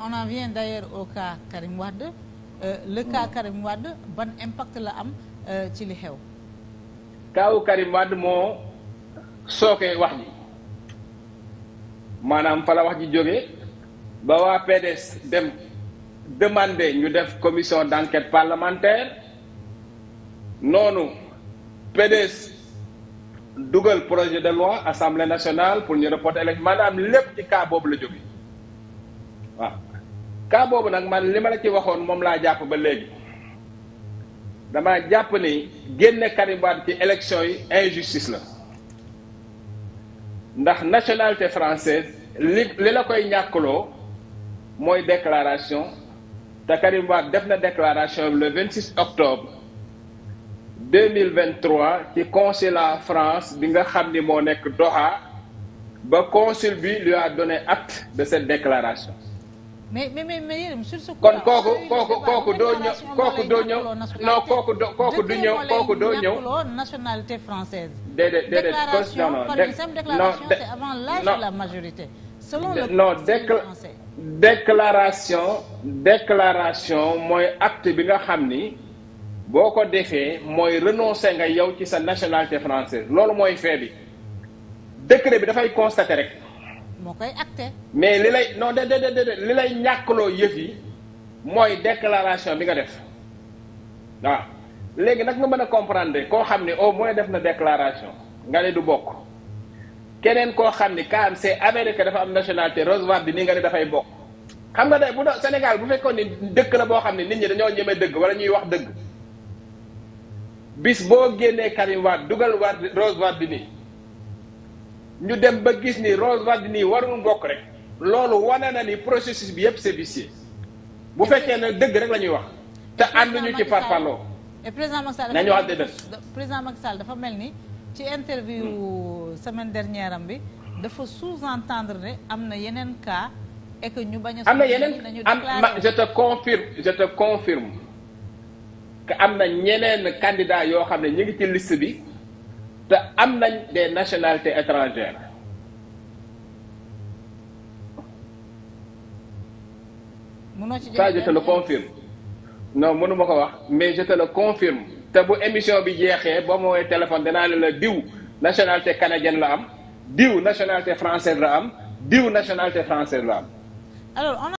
on en vient d'ailleurs au cas Karim Wade euh, le cas hmm. Karim Wade ban impact la am euh, ci li xew kaawu Karim Wade moo sooke wax ji maanaam fa la wax ji jóge ba waa PDS dem demandé ñu def commission d'enquête parlementaire noonu PDS dugal projet de loi assemblée nationale pour ñu reporter élection maanaam lépp ci cas boobu la jóge waaw boobu nag man li ma la ci waxoon moom laa jàpp ba léegi dama jàpp ni génne Karim ci élection yi injustice la ndax nationalité française li la koy ñàkkloo mooy déclaration te Karim def na déclaration le 26 octobre 2023 ci consulat France bi nga xam ni moo nekk Doha ba consul bi lui a acte de cette déclaration mais kon kooku kooku kooku doo ñëw kooku doo ñëw non kooku du ñëw kooku doo ñëw nationalité française déedéet déedéet déclaration déclaration la majorité selon le non déclaration déclaration mooy act bi nga xam ni boo ko defee mooy renoncer nga yow ci sa nationalité française loolu mooy fait bi décret bi dafay constater rek moo koy acté. mais li lay non de de de li lay ñàkkloo yëf yi mooy déclaration bi nga def waaw léegi nag nga mën a comprendre koo xam ne au moins def na déclaration nga ne du bokk keneen koo xam ni kaam c'est américain dafa am nationalité Roosevelt di nii nga ne dafay bokk. xam nga day bu doon Sénégal bu fekkoon ni dëkk la boo xam ne nit ñi dañoo ñeme dëgg wala ñuy wax dëgg bis boo génnee Karim Wade dugal Wade Roosevelt di nii. ñu dem ba gis ni Rose nii warul bokk rek loolu wane na ni processus bi yëpp c'est vicieux bu fekkee ne dëgg rek la ñuy wax te ànduñu ci parparloo président Macky Sall nañu wax de président Macky Sall dafa mel ni ci interview hmm. semaine dernière am bi dafa sous-entendre ne am na yeneen cas et que ñu bañ a am na yeneen am je te confirme je te confirme que am na ñeneen candidat yoo xam ne ñu ngi ci list bi te am nañ des nationalités étrangères ça je te le confirme non mënuma ko wax mais je confirme te bu émission bi jeexee boo ma woowee téléphone danaa ne la diw nationalité canadienne la am diw nationalité française la am diw nationalité française la am